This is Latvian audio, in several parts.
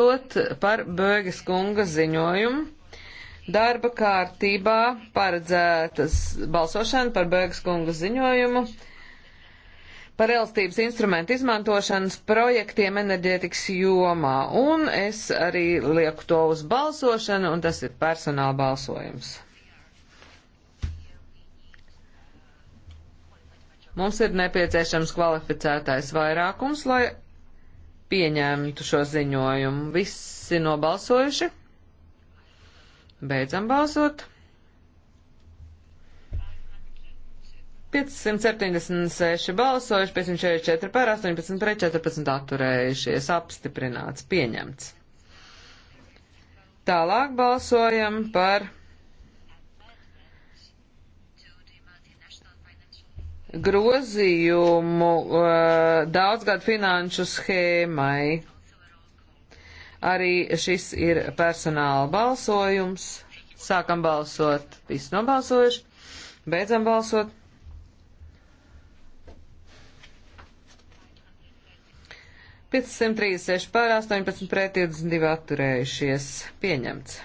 Balsot par Bēgas kunga ziņojumu. Darba kārtībā paredzētas balsošana par Bēgas kunga ziņojumu par elastības instrumentu izmantošanas projektiem enerģētikas jomā. Un es arī lieku to uz balsošanu, un tas ir personāla balsojums. Mums ir nepieciešams kvalificētais vairākums, lai pieņemtu šo ziņojumu. Visi nobalsojuši? Beidzam balsot. 576 balsojuši, 544 par 18 pret 14 atturējušies, apstiprināts, pieņemts. Tālāk balsojam par grozījumu uh, eh, daudzgadu finanšu schēmai. Arī šis ir personāla balsojums. Sākam balsot, visi nobalsojuši, beidzam balsot. 536 pār 18 pret 22 atturējušies. Pieņemts.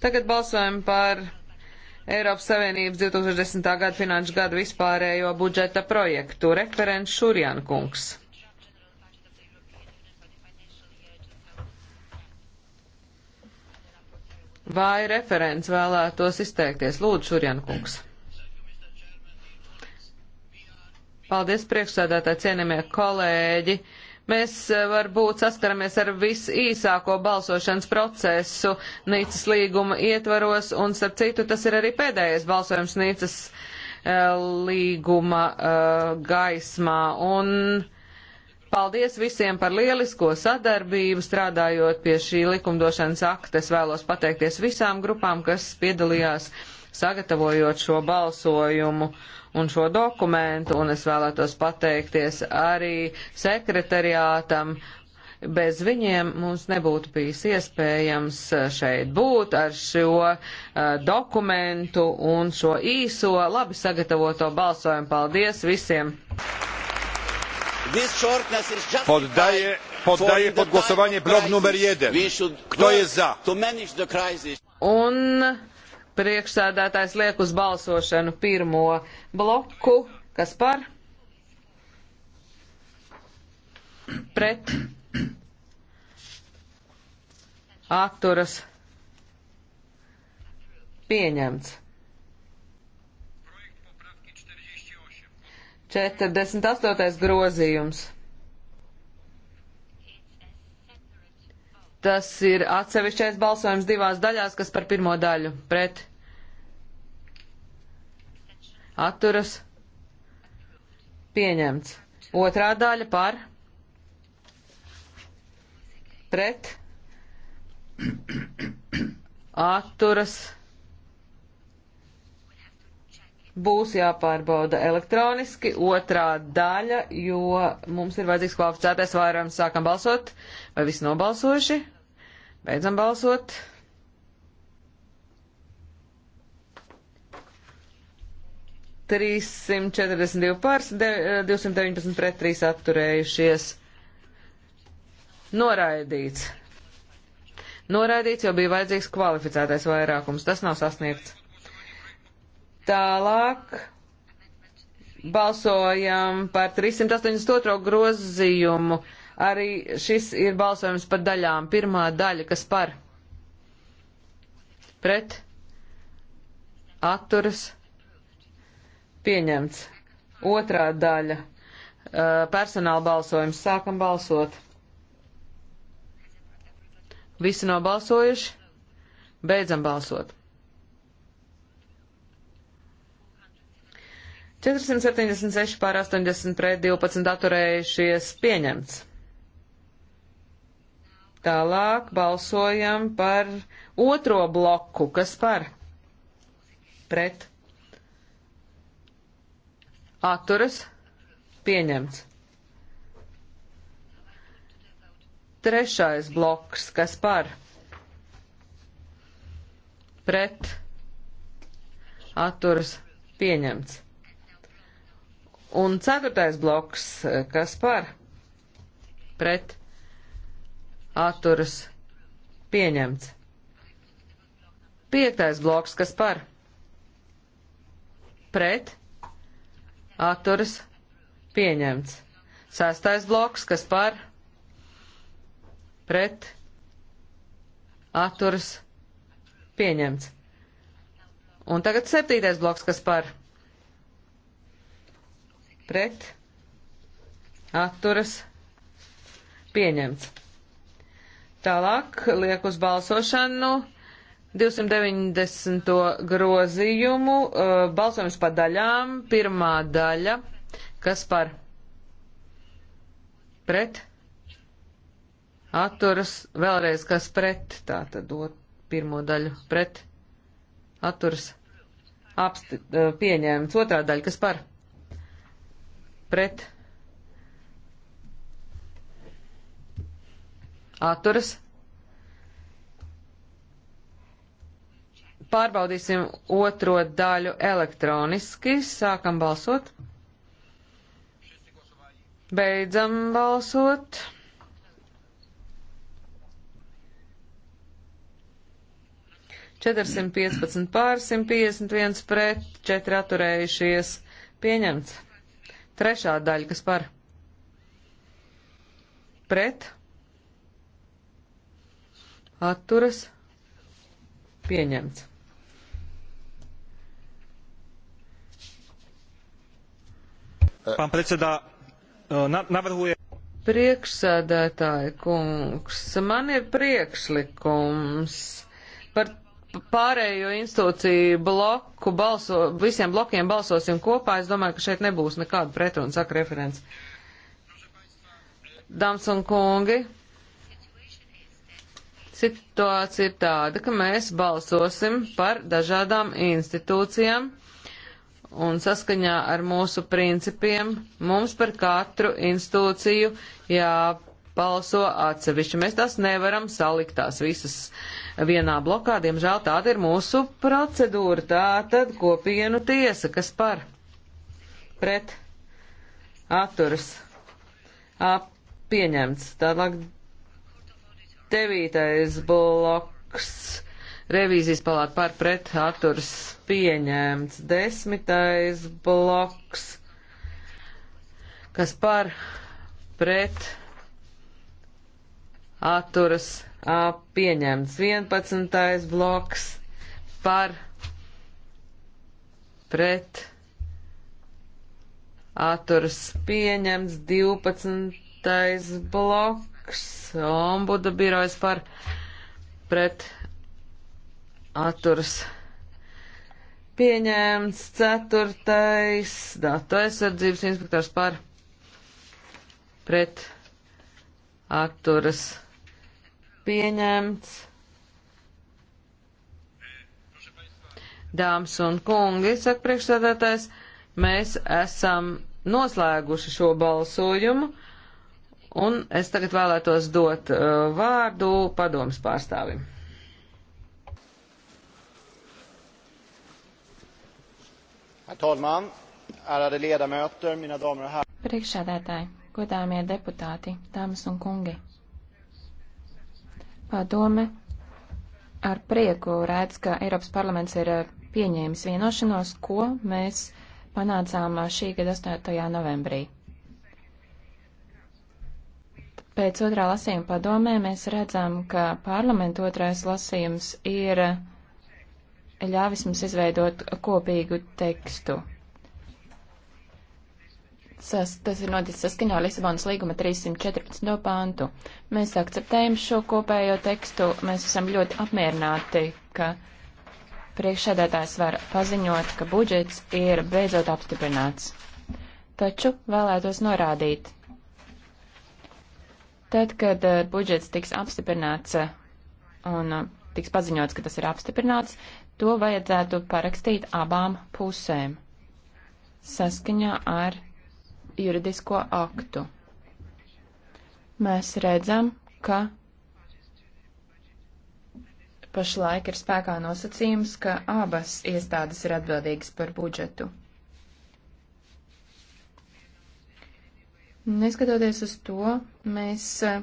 Tagad balsojam par Eiropas Savienības 2010. gada finanšu gada vispārējo budžeta projektu. Referents Šurjan kungs. Vai referents vēlētos izteikties? Lūdzu, Šurjan kungs. Paldies, priekšsēdētāji, cienījamie kolēģi. Uh, Mēs eh, varbūt saskaramies ar visīsāko balsošanas procesu Nīcas līguma ietvaros, un starp citu tas ir arī pēdējais balsojums Nīcas uh, līguma uh, gaismā. Un paldies visiem par lielisko sadarbību strādājot pie šī likumdošanas akta. Es vēlos pateikties visām grupām, kas piedalījās. Uh, sagatavojot šo balsojumu un šo dokumentu, un es vēlētos pateikties arī sekretariātam. Bez viņiem mums nebūtu bijis iespējams šeit būt ar šo uh, dokumentu un šo īso, labi sagatavoto balsojumu. Paldies visiem! Poddaję, poddaję pod głosowanie blok numer jeden. Kto jest za? Un Priekšsēdētājs liek uz balsošanu pirmo bloku. Kas par? Pret. Atturas. Pieņemts. 48. grozījums. Tas ir atsevišķais balsojums divās daļās, kas par pirmo daļu pret atturas pieņemts. Otrā daļa par pret atturas pieņemts būs jāpārbauda elektroniski. Otrā daļa, jo mums ir vajadzīgs kvalificētais vairums. Sākam balsot. Vai visi nobalsojuši? Beidzam balsot. Trīssimt četrdesmit divi pārs, divsimt deviņpadsmit pret trīs atturējušies. Noraidīts. Noraidīts, jo bija vajadzīgs kvalificētais vairākums. Tas nav sasniegts. Tālāk balsojam par 382. grozījumu. Arī šis ir balsojums par daļām. Pirmā daļa, kas par pret atturas pieņemts. Otrā daļa uh, personāla balsojums. Sākam balsot. Visi nobalsojuši? Beidzam balsot. 476 pār 80 pret 12 atturējušies pieņemts. Tālāk balsojam par otro bloku, kas par pret atturas pieņemts. Trešais bloks, kas par pret atturas pieņemts. Un ceturtais bloks, kas par pret atturas pieņemts. Piektais bloks, kas par pret atturas pieņemts. Sestais bloks, kas par pret atturas pieņemts. Un tagad septītais bloks, kas par pret pret, atturas, pieņemts. Tālāk liek uz balsošanu 290. grozījumu, uh, balsojums pa daļām, pirmā daļa, kas par pret, atturas, vēlreiz kas pret, tā tad dot pirmo daļu pret, atturas, apsti, uh, pieņēmts, otrā daļa, kas par pret pret atturas. Pārbaudīsim otro daļu elektroniski. Sākam balsot. Beidzam balsot. Četrsimt piecpadsmit pār simt piecdesmit viens pret četri atturējušies. Pieņemts. Trešā daļa, kas par pret atturas pieņemts. Pán predsedā, eh, navrhuje. Priekšsēdētāji kungs, man ir priekšlikums par pārējo institūciju bloku balso, visiem blokiem balsosim kopā, es domāju, ka šeit nebūs nekāda pretruna, saka referents. Dāmas un kungi, situācija ir tāda, ka mēs balsosim par dažādām institūcijām un saskaņā ar mūsu principiem mums par katru institūciju jā balso atsevišķi. Mēs tas nevaram salikt tās visas vienā blokā. Diemžēl tāda ir mūsu procedūra. Tā tad kopienu tiesa, kas par pret atturas ap, pieņemts. Tālāk devītais bloks. Revīzijas palāta par pret atturas pieņemts. Desmitais bloks, kas par pret atturas atturas pieņemts. 11. bloks par pret atturas pieņemts. 12. bloks ombuda birojas par pret atturas pieņemts pieņēmts ceturtais datu aizsardzības inspektors par pret atturas pieņemts. Dāmas un kungi, saka priekšsēdētājs, mēs esam noslēguši šo balsojumu, un es tagad vēlētos dot uh, vārdu padomas pārstāvim. Herr talman, ärade ledamöter, mina damer och herrar. Priekšsēdētāji, godāmie deputāti, dāmas un kungi. Padome ar prieku redz, ka Eiropas parlaments ir eh, pieņēmis vienošanos, ko mēs panācām eh, šī gada 8. novembrī. Pēc otrā lasījuma padomē mēs redzam, ka parlamentu otrais lasījums ir eh, ļāvis mums izveidot kopīgu tekstu sas, tas ir noticis saskaņā Lisabonas līguma 314. pantu. Mēs akceptējam šo kopējo tekstu, mēs esam ļoti apmierināti, ka priekšsēdētājs var paziņot, ka budžets ir beidzot apstiprināts. Taču vēlētos norādīt, tad, kad eh, budžets tiks apstiprināts eh, un eh, tiks paziņots, ka tas ir apstiprināts, to vajadzētu parakstīt abām pusēm saskaņā ar juridisko aktu. Mēs redzam, ka pašlaik ir spēkā nosacījums, ka abas iestādes ir atbildīgas par budžetu. Neskatoties uz to, mēs eh,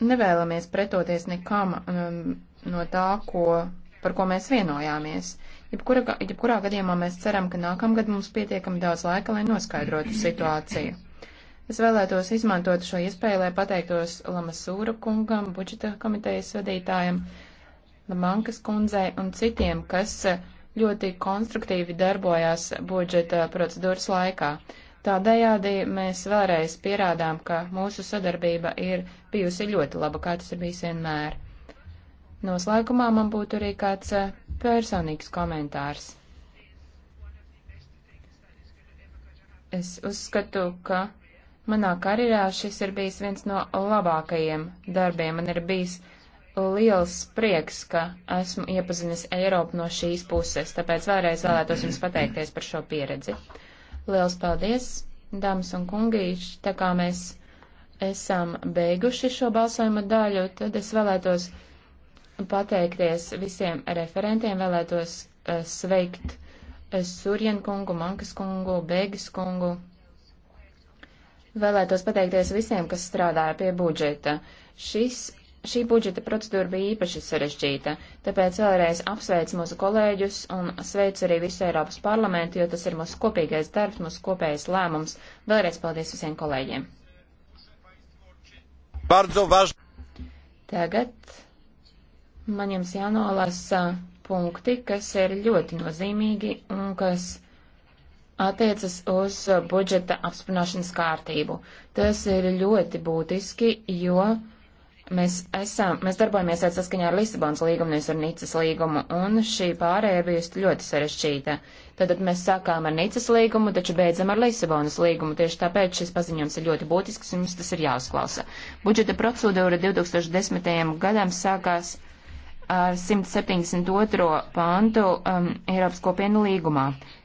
nevēlamies pretoties nekam um, no tā, ko, par ko mēs vienojāmies. Uh, Jebkura, jebkurā gadījumā mēs ceram, ka nākamgad mums pietiekami daudz laika, lai noskaidrotu situāciju. Es vēlētos izmantot šo iespēju, lai pateiktos Lamasūra kungam, budžeta komitejas vadītājam, Lamankas kundzei un citiem, kas ļoti konstruktīvi darbojās budžeta procedūras laikā. Tādējādi mēs vēlreiz pierādām, ka mūsu sadarbība ir bijusi ļoti laba, kā tas ir bijis vienmēr. Noslēgumā man būtu arī kāds personīgs komentārs. Es uzskatu, ka manā karjerā šis ir bijis viens no labākajiem darbiem. Man ir bijis liels prieks, ka esmu iepazinis Eiropu no šīs puses, tāpēc vēlreiz vēlētos jums pateikties par šo pieredzi. Liels paldies, dāmas un kungi, tā kā mēs esam beiguši šo balsojuma daļu, tad es vēlētos pateikties visiem referentiem, vēlētos uh, sveikt eh, Surjen kungu, Mankas kungu, Bēgis kungu. Vēlētos pateikties visiem, kas strādāja pie budžeta. Šis, šī budžeta procedūra bija īpaši sarežģīta, tāpēc vēlreiz apsveicu mūsu kolēģus un sveicu arī visu Eiropas parlamentu, jo tas ir mūsu kopīgais darbs, mūsu kopējais lēmums. Vēlreiz paldies visiem kolēģiem. Bardzo važ... Tagad man jums jānolasa punkti, kas ir ļoti nozīmīgi un kas attiecas uz budžeta apsprināšanas kārtību. Tas ir ļoti būtiski, jo mēs, esam, mēs darbojamies saskaņā ar Lisabonas līgumu, nevis ar Nicas līgumu, un šī pārēja bijusi ļoti sarešķīta. Tātad mēs sākām ar Nicas līgumu, taču beidzam ar Lisabonas līgumu. Tieši tāpēc šis paziņojums ir ļoti būtisks, un jums tas ir jāuzklausa. Budžeta procedūra 2010. gadam sākās ar 172. pantu um, Eiropas kopienu līgumā.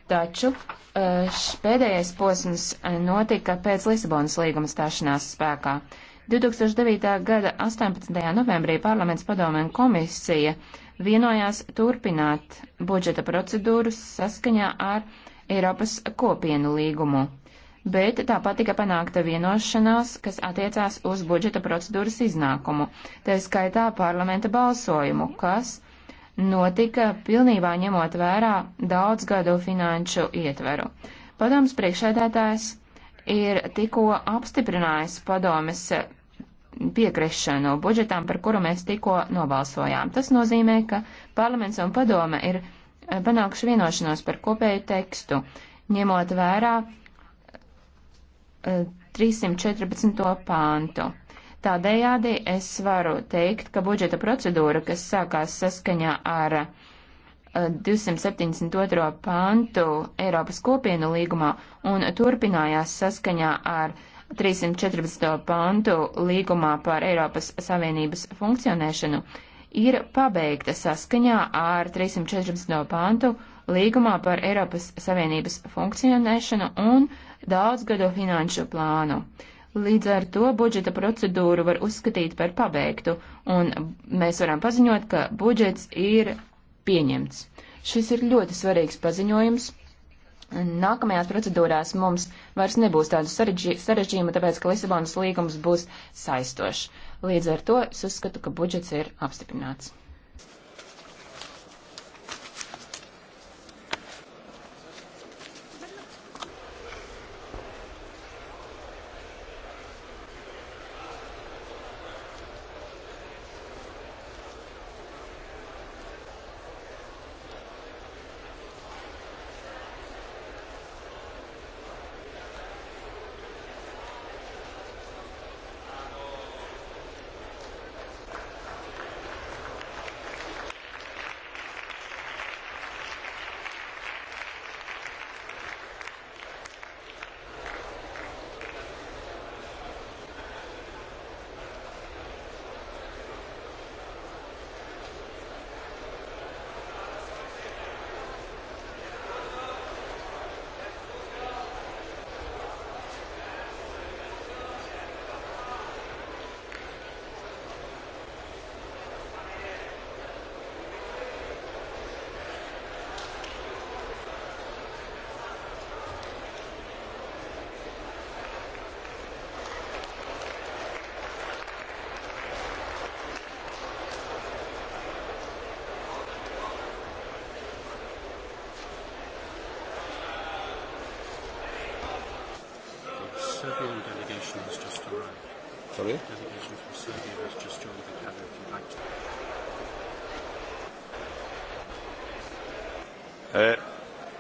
Taču uh, pēdējais posms uh, notika pēc Lisabonas līguma stāšanās spēkā. 2009. gada 18. novembrī parlaments padome un komisija vienojās turpināt budžeta procedūras saskaņā ar Eiropas kopienu līgumu bet tāpat tika panākta vienošanās, kas attiecās uz budžeta procedūras iznākumu, tā skaitā parlamenta balsojumu, kas notika pilnībā ņemot vērā daudzgadu finanšu ietveru. Padoms priekšēdētājs ir tikko apstiprinājis padomes piekrišanu budžetām, par kuru mēs tikko nobalsojām. Tas nozīmē, ka parlaments un padome ir eh, panākuši vienošanos par kopēju tekstu, ņemot vērā 314. pāntu. Tādējādi es varu teikt, ka budžeta procedūra, kas sākās saskaņā ar 272. Eh, pantu Eiropas kopienu līgumā un turpinājās saskaņā ar 314. pantu līgumā par Eiropas Savienības funkcionēšanu, ir pabeigta saskaņā ar 314. pantu līgumā par Eiropas Savienības funkcionēšanu un daudzgado finanšu plānu. Līdz ar to budžeta procedūru var uzskatīt par pabeigtu, un mēs varam paziņot, ka budžets ir pieņemts. Šis ir ļoti svarīgs paziņojums, Nākamajās procedūrās mums vairs nebūs tādu sarežģījumu, tāpēc, ka Lisabonas līgums būs saistošs. Līdz ar to es uzskatu, ka budžets ir apstiprināts.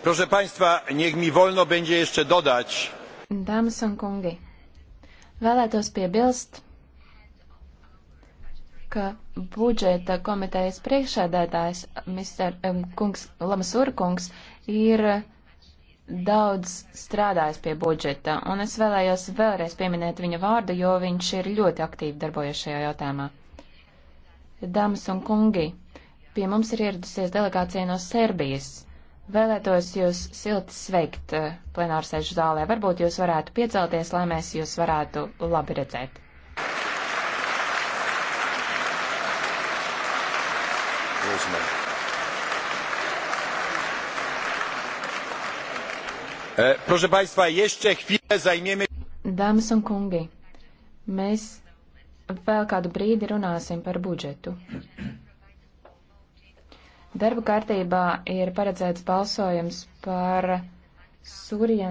Proszę Państwa, niech mi wolno będzie jeszcze dodać. Dāmas un kungi, vēlētos piebilst, ka budžeta komitejas priekšēdētājs, Mr. Um, kungs, Lamasur kungs, ir daudz strādājis pie budžeta, un es vēlējos vēlreiz pieminēt viņa vārdu, jo viņš ir ļoti aktīvi darbojies šajā jautājumā. Dāmas un kungi, pie mums ir ieradusies delegācija no Serbijas. Vēlētos jūs silti sveikt eh, plenārsēžu zālē. Varbūt jūs varētu piecelties, lai mēs jūs varētu labi redzēt. Eh, proszę Państwa, jeszcze chwilę zajmiemy. Dāmas un kungi, mēs vēl kādu brīdi runāsim par budžetu. Darba kārtībā ir paredzēts balsojums par Sūriju.